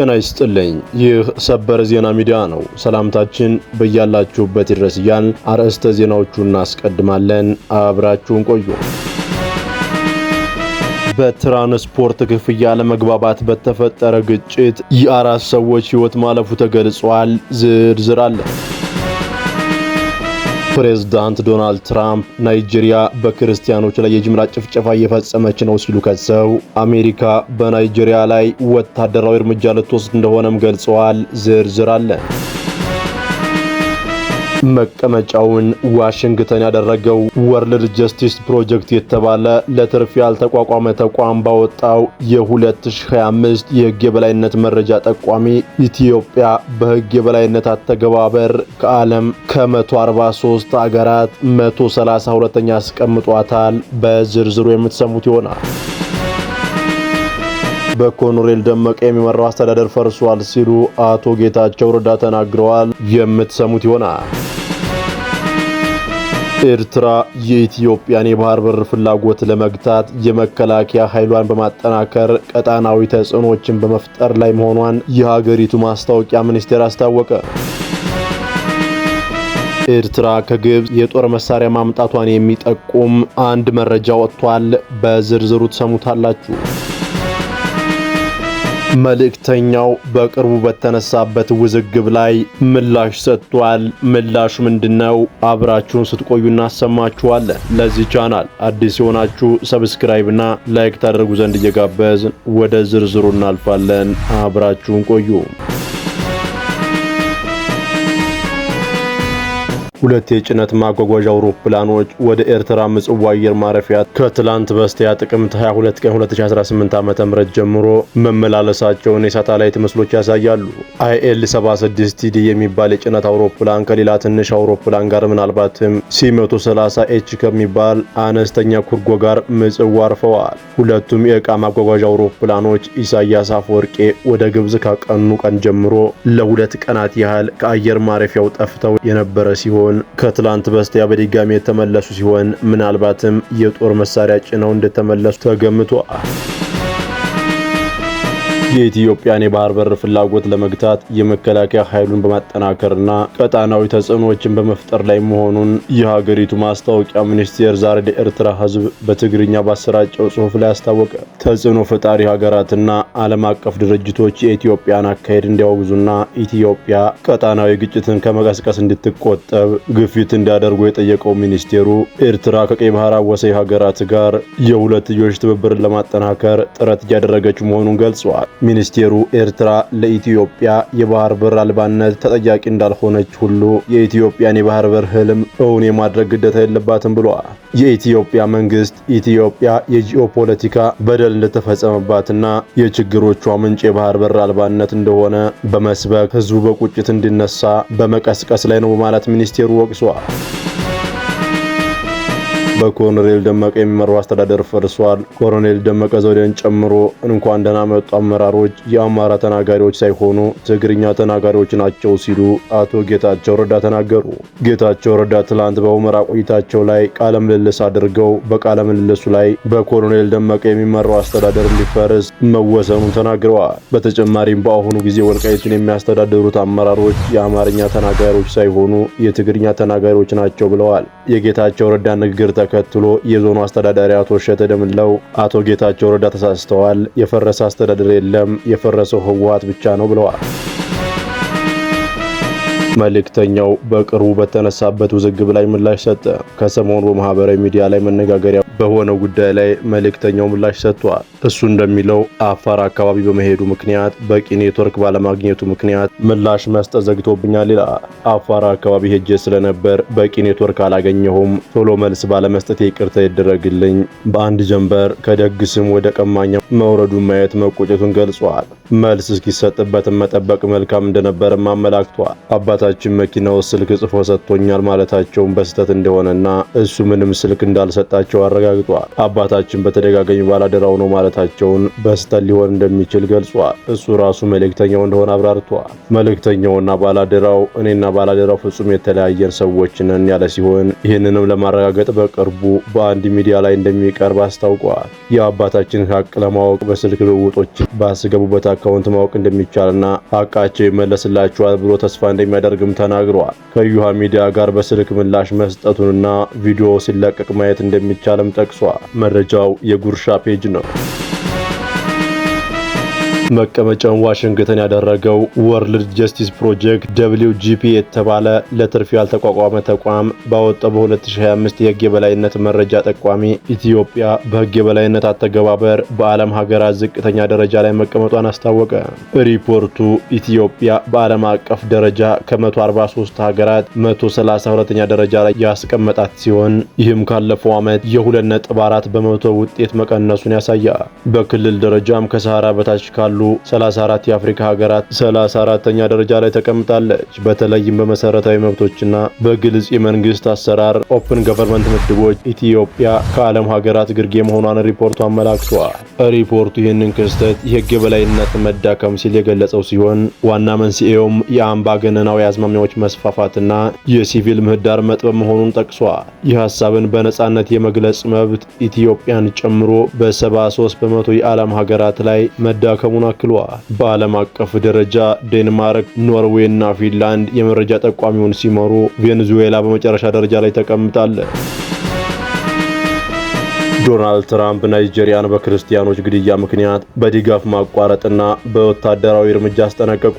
ጤና ይስጥልኝ። ይህ ሰበር ዜና ሚዲያ ነው። ሰላምታችን በያላችሁበት ይድረስ እያል አርዕስተ ዜናዎቹን እናስቀድማለን። አብራችሁን ቆዩ። በትራንስፖርት ክፍያ ለመግባባት በተፈጠረ ግጭት የአራት ሰዎች ሕይወት ማለፉ ተገልጿል። ዝርዝር አለን። ፕሬዝዳንት ዶናልድ ትራምፕ ናይጄሪያ በክርስቲያኖች ላይ የጅምላ ጭፍጨፋ እየፈጸመች ነው ሲሉ ከሰው አሜሪካ በናይጄሪያ ላይ ወታደራዊ እርምጃ ልትወስድ እንደሆነም ገልጸዋል። ዝርዝር አለን። መቀመጫውን ዋሽንግተን ያደረገው ወርልድ ጀስቲስ ፕሮጀክት የተባለ ለትርፍ ያልተቋቋመ ተቋም ባወጣው የ2025 የህግ የበላይነት መረጃ ጠቋሚ ኢትዮጵያ በህግ የበላይነት አተገባበር ከዓለም ከ143 አገራት 132ኛ አስቀምጧታል። በዝርዝሩ የምትሰሙት ይሆናል። በኮሎኔል ደመቀ የሚመራው አስተዳደር ፈርሷል ሲሉ አቶ ጌታቸው ረዳ ተናግረዋል። የምትሰሙት ይሆናል። ኤርትራ የኢትዮጵያን የባህር በር ፍላጎት ለመግታት የመከላከያ ኃይሏን በማጠናከር ቀጣናዊ ተጽዕኖዎችን በመፍጠር ላይ መሆኗን የሀገሪቱ ማስታወቂያ ሚኒስቴር አስታወቀ። ኤርትራ ከግብፅ የጦር መሳሪያ ማምጣቷን የሚጠቁም አንድ መረጃ ወጥቷል። በዝርዝሩ ትሰሙታላችሁ። መልእክተኛው በቅርቡ በተነሳበት ውዝግብ ላይ ምላሽ ሰጥቷል። ምላሹ ምንድነው? አብራችሁን ስትቆዩ እናሰማችኋለን። ለዚህ ቻናል አዲስ የሆናችሁ ሰብስክራይብ እና ላይክ ታደርጉ ዘንድ እየጋበዝን ወደ ዝርዝሩ እናልፋለን። አብራችሁን ቆዩ። ሁለት የጭነት ማጓጓዣ አውሮፕላኖች ወደ ኤርትራ ምጽዋ አየር ማረፊያ ከትላንት በስቲያ ጥቅምት 22 ቀን 2018 ዓ.ም ጀምሮ መመላለሳቸውን የሳተላይት ምስሎች ያሳያሉ። አይኤል 76 ቲዲ የሚባል የጭነት አውሮፕላን ከሌላ ትንሽ አውሮፕላን ጋር ምናልባትም ሲ130 ኤች ከሚባል አነስተኛ ኩርጎ ጋር ምጽዋ አርፈዋል። ሁለቱም የዕቃ ማጓጓዣ አውሮፕላኖች ኢሳያስ አፈወርቄ ወደ ግብጽ ካቀኑ ቀን ጀምሮ ለሁለት ቀናት ያህል ከአየር ማረፊያው ጠፍተው የነበረ ሲሆን ኃይላቸውን ከትላንት በስቲያ በድጋሚ የተመለሱ ሲሆን ምናልባትም የጦር መሳሪያ ጭነው እንደተመለሱ ተገምቷል። የኢትዮጵያን የባህር በር ፍላጎት ለመግታት የመከላከያ ኃይሉን በማጠናከርና ቀጣናዊ ተጽዕኖዎችን በመፍጠር ላይ መሆኑን የሀገሪቱ ማስታወቂያ ሚኒስቴር ዛሬ ለኤርትራ ሕዝብ በትግርኛ ባሰራጨው ጽሑፍ ላይ አስታወቀ። ተጽዕኖ ፈጣሪ ሀገራትና ዓለም አቀፍ ድርጅቶች የኢትዮጵያን አካሄድ እንዲያወግዙና ኢትዮጵያ ቀጣናዊ ግጭትን ከመቀስቀስ እንድትቆጠብ ግፊት እንዲያደርጉ የጠየቀው ሚኒስቴሩ ኤርትራ ከቀይ ባህር አዋሳኝ ሀገራት ጋር የሁለትዮሽ ትብብርን ለማጠናከር ጥረት እያደረገች መሆኑን ገልጸዋል። ሚኒስቴሩ ኤርትራ ለኢትዮጵያ የባህር በር አልባነት ተጠያቂ እንዳልሆነች ሁሉ የኢትዮጵያን የባህር በር ህልም እውን የማድረግ ግዴታ የለባትም ብሏል። የኢትዮጵያ መንግስት ኢትዮጵያ የጂኦፖለቲካ በደል እንደተፈጸመባትና የችግሮቿ ምንጭ የባህር በር አልባነት እንደሆነ በመስበክ ህዝቡ በቁጭት እንዲነሳ በመቀስቀስ ላይ ነው በማለት ሚኒስቴሩ ወቅሷል። በኮሎኔል ደመቀ የሚመራው አስተዳደር ፈርሷል። ኮሎኔል ደመቀ ዘውዴን ጨምሮ እንኳን ደህና መጡ አመራሮች የአማራ ተናጋሪዎች ሳይሆኑ ትግርኛ ተናጋሪዎች ናቸው ሲሉ አቶ ጌታቸው ረዳ ተናገሩ። ጌታቸው ረዳ ትላንት በሁመራ ቆይታቸው ላይ ቃለ ምልልስ አድርገው በቃለ ምልልሱ ላይ በኮሎኔል ደመቀ የሚመራው አስተዳደር እንዲፈርስ መወሰኑን ተናግረዋል። በተጨማሪም በአሁኑ ጊዜ ወልቃይቱን የሚያስተዳድሩት አመራሮች የአማርኛ ተናጋሪዎች ሳይሆኑ የትግርኛ ተናጋሪዎች ናቸው ብለዋል። የጌታቸው ረዳ ንግግር ተከትሎ የዞኑ አስተዳዳሪ አቶ እሸተ ደምለው አቶ ጌታቸው ረዳ ተሳስተዋል፣ የፈረሰ አስተዳደር የለም፣ የፈረሰው ህወሓት ብቻ ነው ብለዋል። መልእክተኛው በቅርቡ በተነሳበት ውዝግብ ላይ ምላሽ ሰጠ። ከሰሞኑ በማህበራዊ ሚዲያ ላይ መነጋገሪያ በሆነው ጉዳይ ላይ መልእክተኛው ምላሽ ሰጥቷል። እሱ እንደሚለው አፋር አካባቢ በመሄዱ ምክንያት በቂ ኔትወርክ ባለማግኘቱ ምክንያት ምላሽ መስጠት ዘግቶብኛል ይላል። አፋር አካባቢ ሄጄ ስለነበር በቂ ኔትወርክ አላገኘሁም። ቶሎ መልስ ባለመስጠት ይቅርታ ይደረግልኝ። በአንድ ጀንበር ከደግ ስም ወደ ቀማኛ መውረዱን ማየት መቆጨቱን ገልጿል። መልስ እስኪሰጥበትም መጠበቅ መልካም እንደነበርም አመላክቷል። አባታ ባለቤታችን መኪናው ስልክ ጽፎ ሰጥቶኛል ማለታቸውን በስህተት እንደሆነና እሱ ምንም ስልክ እንዳልሰጣቸው አረጋግጧል። አባታችን በተደጋጋሚ ባላደራው ነው ማለታቸውን በስህተት ሊሆን እንደሚችል ገልጿል። እሱ ራሱ መልእክተኛው እንደሆነ አብራርቷል። መልእክተኛውና ባላደራው እኔና ባላደራው ፍጹም የተለያየን ሰዎች ነን ያለ ሲሆን ይህንንም ለማረጋገጥ በቅርቡ በአንድ ሚዲያ ላይ እንደሚቀርብ አስታውቋል። የአባታችን ሀቅ ለማወቅ በስልክ ልውውጦች ባስገቡበት አካውንት ማወቅ እንደሚቻልና ሀቃቸው ይመለስላችኋል ብሎ ተስፋ እንደሚያደርግ እንደሚያደርግም ተናግረዋል። ከዩሃ ሚዲያ ጋር በስልክ ምላሽ መስጠቱንና ቪዲዮ ሲለቀቅ ማየት እንደሚቻልም ጠቅሷል። መረጃው የጉርሻ ፔጅ ነው። መቀመጫውን ዋሽንግተን ያደረገው ወርልድ ጀስቲስ ፕሮጀክት ደብሊው ጂፒ የተባለ ለትርፍ ያልተቋቋመ ተቋም ባወጣው በ2025 የህግ የበላይነት መረጃ ጠቋሚ ኢትዮጵያ በህግ የበላይነት አተገባበር በዓለም ሀገራት ዝቅተኛ ደረጃ ላይ መቀመጧን አስታወቀ። ሪፖርቱ ኢትዮጵያ በዓለም አቀፍ ደረጃ ከ143 ሀገራት 132ኛ ደረጃ ላይ ያስቀመጣት ሲሆን ይህም ካለፈው ዓመት የ አራት በመቶ ውጤት መቀነሱን ያሳያል። በክልል ደረጃም ከሰሃራ በታች ካሉ ካሉ 34 የአፍሪካ ሀገራት 34ተኛ ደረጃ ላይ ተቀምጣለች። በተለይም በመሰረታዊ መብቶችና በግልጽ የመንግስት አሰራር ኦፕን ገቨርንመንት ምድቦች ኢትዮጵያ ከዓለም ሀገራት ግርጌ መሆኗን ሪፖርቱ አመላክቷል። ሪፖርቱ ይህንን ክስተት የህግ የበላይነት መዳከም ሲል የገለጸው ሲሆን ዋና መንስኤውም የአምባገነናዊ አዝማሚያዎች መስፋፋትና የሲቪል ምህዳር መጥበብ መሆኑን ጠቅሷል። ይህ ሀሳብን በነጻነት የመግለጽ መብት ኢትዮጵያን ጨምሮ በ73 በመቶ የዓለም ሀገራት ላይ መዳከሙን አክሏል። በዓለም አቀፍ ደረጃ ዴንማርክ፣ ኖርዌይ እና ፊንላንድ የመረጃ ጠቋሚውን ሲመሩ፣ ቬንዙዌላ በመጨረሻ ደረጃ ላይ ተቀምጣለች። ዶናልድ ትራምፕ ናይጄሪያን በክርስቲያኖች ግድያ ምክንያት በድጋፍ ማቋረጥና በወታደራዊ እርምጃ አስጠነቀቁ።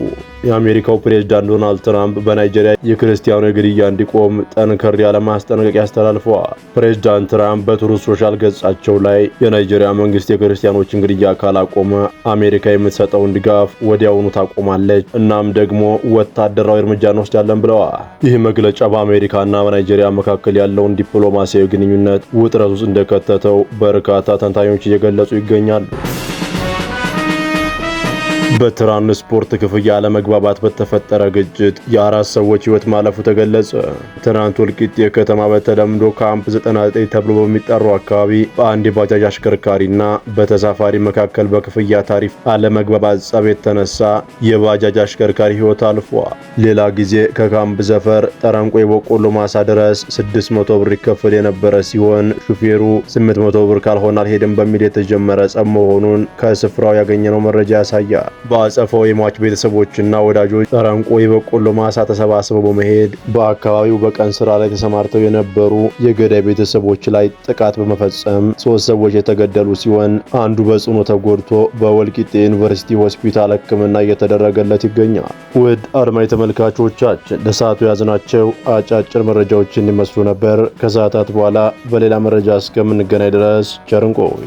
የአሜሪካው ፕሬዝዳንት ዶናልድ ትራምፕ በናይጄሪያ የክርስቲያኑ ግድያ እንዲቆም ጠንከር ያለ ማስጠንቀቂያ አስተላልፈዋል። ፕሬዝዳንት ትራምፕ በትሩዝ ሶሻል ገጻቸው ላይ የናይጄሪያ መንግስት የክርስቲያኖችን ግድያ ካላቆመ አሜሪካ የምትሰጠውን ድጋፍ ወዲያውኑ ታቆማለች፣ እናም ደግሞ ወታደራዊ እርምጃ እንወስዳለን ብለዋል። ይህ መግለጫ በአሜሪካና በናይጄሪያ መካከል ያለውን ዲፕሎማሲያዊ ግንኙነት ውጥረት ውስጥ እንደከተተው በርካታ ተንታኞች እየገለጹ ይገኛሉ። በትራንስፖርት ክፍያ አለመግባባት በተፈጠረ ግጭት የአራት ሰዎች ሕይወት ማለፉ ተገለጸ። ትናንት ወልቂጤ ከተማ በተለምዶ ካምፕ 99 ተብሎ በሚጠራው አካባቢ በአንድ የባጃጅ አሽከርካሪና በተሳፋሪ መካከል በክፍያ ታሪፍ አለመግባባት ጸብ የተነሳ የባጃጅ አሽከርካሪ ሕይወት አልፏል። ሌላ ጊዜ ከካምፕ ዘፈር ጠረንቆ የበቆሎ ማሳ ድረስ 600 ብር ይከፍል የነበረ ሲሆን ሹፌሩ 800 ብር ካልሆነ አልሄድም በሚል የተጀመረ ጸብ መሆኑን ከስፍራው ያገኘነው መረጃ ያሳያል። በአጸፋው የሟች ቤተሰቦችና ወዳጆች ጠረንቆ የበቆሎ ማሳ ተሰባስበው በመሄድ በአካባቢው በቀን ስራ ላይ ተሰማርተው የነበሩ የገዳይ ቤተሰቦች ላይ ጥቃት በመፈጸም ሶስት ሰዎች የተገደሉ ሲሆን አንዱ በጽኑ ተጎድቶ በወልቂጤ ዩኒቨርሲቲ ሆስፒታል ሕክምና እየተደረገለት ይገኛል። ውድ አድማጭ ተመልካቾቻችን ለሰዓቱ የያዝናቸው አጫጭር መረጃዎችን ይመስሉ ነበር። ከሰዓታት በኋላ በሌላ መረጃ እስከምንገናኝ ድረስ ቸርንቆይ